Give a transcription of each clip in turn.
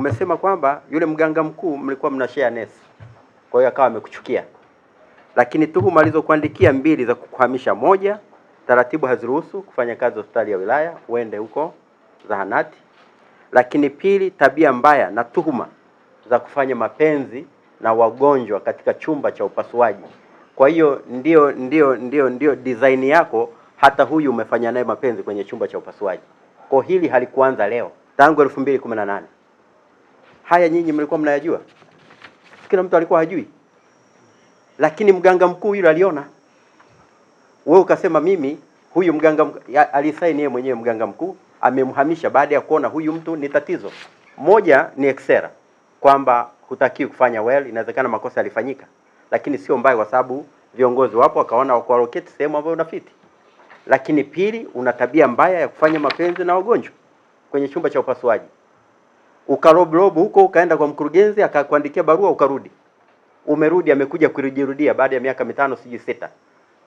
umesema kwamba yule mganga mkuu mlikuwa mna share nesi, kwa hiyo akawa amekuchukia, lakini tuhuma alizokuandikia mbili za kukuhamisha, moja, taratibu haziruhusu kufanya kazi hospitali ya wilaya, uende huko zahanati, lakini pili, tabia mbaya na tuhuma za kufanya mapenzi na wagonjwa katika chumba cha upasuaji. Kwa hiyo ndio ndio ndio ndio design yako, hata huyu umefanya naye mapenzi kwenye chumba cha upasuaji. Kwa hili halikuanza leo, tangu 2018 haya nyinyi mlikuwa mnayajua? Kila mtu alikuwa hajui, lakini mganga mkuu yule aliona. Wewe ukasema mimi huyu mganga alisaini yeye mwenyewe, mganga mkuu amemhamisha baada ya kuona huyu mtu ni tatizo. Moja ni eksera kwamba hutakiwi kufanya well, inawezekana makosa yalifanyika, lakini sio mbaya, kwa sababu viongozi wapo wakaona wakualoketi sehemu ambayo unafiti. Lakini pili, una tabia mbaya ya kufanya mapenzi na wagonjwa kwenye chumba cha upasuaji ukarobrobu huko, ukaenda kwa mkurugenzi akakuandikia barua, ukarudi, umerudi, amekuja kujirudia baada ya miaka mitano sijui sita,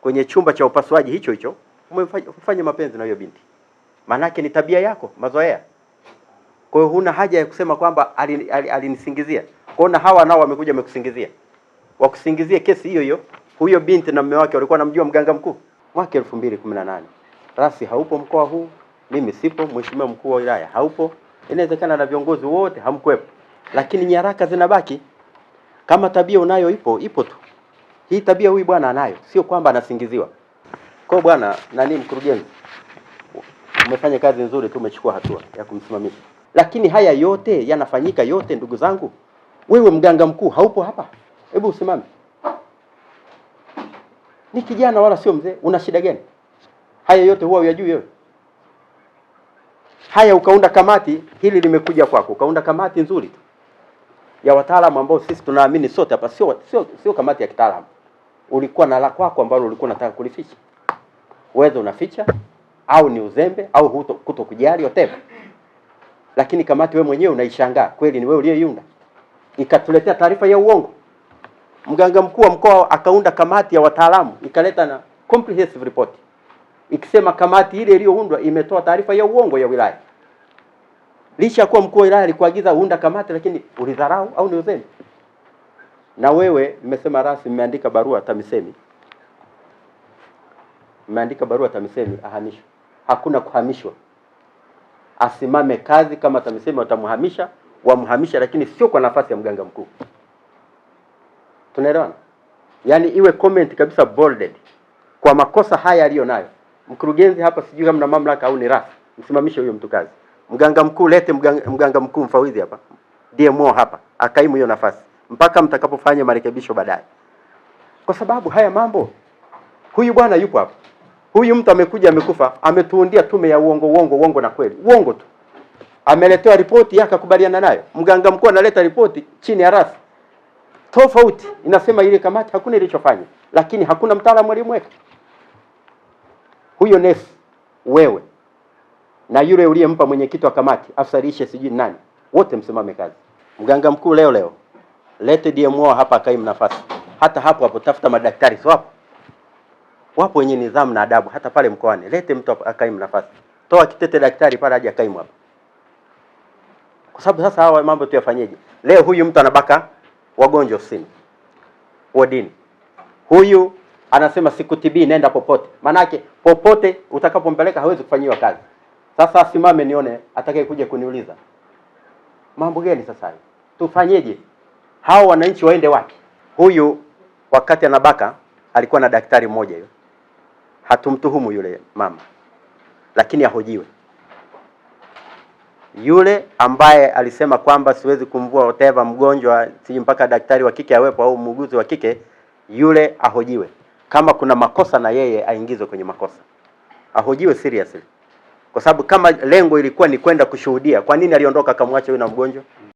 kwenye chumba cha upasuaji hicho hicho umefanya mapenzi na hiyo binti. Maanake ni tabia yako, mazoea. Kwa hiyo huna haja ya kusema kwamba alinisingizia ali, ali kwao, na hawa nao wamekuja wamekusingizia, wakusingizie kesi hiyo hiyo. Huyo binti na mume wake walikuwa namjua mganga mkuu. Mwaka 2018 rasi haupo mkoa huu, mimi sipo, mheshimiwa mkuu wa wilaya haupo inawezekana na viongozi wote hamkuwepo, lakini nyaraka zinabaki. Kama tabia unayo ipo ipo tu, hii tabia huyu bwana anayo, sio kwamba anasingiziwa. Kwa bwana nani, mkurugenzi, umefanya kazi nzuri tu, umechukua hatua ya kumsimamisha, lakini haya yote yanafanyika yote, ndugu zangu. Wewe mganga mkuu haupo hapa, hebu usimame. Ni kijana wala sio mzee, una shida gani? Haya yote huwa uyajui wewe? Haya, ukaunda kamati, hili limekuja kwako, ukaunda kamati nzuri tu ya wataalamu ambao sisi tunaamini sote hapa, sio sio sio kamati ya kitaalamu. Ulikuwa na la kwako ambalo ulikuwa unataka kulificha, uweza unaficha, au ni uzembe au huto, kuto kujali whatever, lakini kamati we mwenyewe unaishangaa, kweli ni wewe uliyeiunda, ikatuletea taarifa ya uongo. Mganga mkuu wa mkoa akaunda kamati ya wataalamu ikaleta na comprehensive report ikisema kamati ile iliyoundwa imetoa taarifa ya uongo ya wilaya, licha ya kuwa mkuu wa wilaya alikuagiza uunda kamati, lakini ulidharau au ni uzembe. Na wewe nimesema rasmi, mmeandika barua TAMISEMI, mmeandika barua TAMISEMI ahamishwe. Hakuna kuhamishwa, asimame kazi. Kama TAMISEMI watamhamisha wamhamisha, lakini sio kwa nafasi ya mganga mkuu. Tunaelewana? Yaani iwe comment kabisa bolded kwa makosa haya aliyo nayo. Mkurugenzi hapa sijui kama na mamlaka au ni rasi, msimamishe huyo mtu kazi. Mganga mkuu lete mganga, mganga mkuu mfawidhi hapa, DMO hapa, akaimu hiyo nafasi mpaka mtakapofanya marekebisho baadaye, kwa sababu haya mambo, huyu bwana yupo hapa, huyu mtu amekuja amekufa, ametuundia tume ya uongo uongo uongo na kweli uongo tu. Ameletewa ripoti yake akakubaliana nayo, mganga mkuu analeta ripoti chini ya RAS tofauti, inasema ile kamati hakuna ilichofanya, lakini hakuna mtaalamu aliyemweka huyo nef wewe na yule uliyempa mwenyekiti wa kamati afsarishe lishe sijui nani, wote msimame kazi. Mganga mkuu leo leo lete DMO hapa akae nafasi, hata hapo hapo tafuta madaktari sio hapo, wapo wenye nidhamu na adabu hata pale mkoani, lete mtu hapa akae nafasi, toa kitete daktari pale aje akae hapa, kwa sababu sasa hawa mambo tu yafanyeje? Leo huyu mtu anabaka wagonjwa ofisini, wodini, huyu anasema sikutibii, nenda popote. Maanake popote utakapompeleka hawezi kufanyiwa kazi. Sasa asimame nione atakaye kuja kuniuliza mambo gani. Sasa tufanyeje? Hao wananchi waende wapi? Huyu wakati anabaka alikuwa na daktari mmoja yule, hatumtuhumu yule mama, lakini ahojiwe yule ambaye alisema kwamba siwezi kumvua whatever mgonjwa si mpaka daktari wa kike awepo au muuguzi wa kike, yule ahojiwe kama kuna makosa na yeye aingizwe kwenye makosa, ahojiwe seriously, kwa sababu kama lengo ilikuwa ni kwenda kushuhudia, kwa nini aliondoka akamwacha huyu na mgonjwa?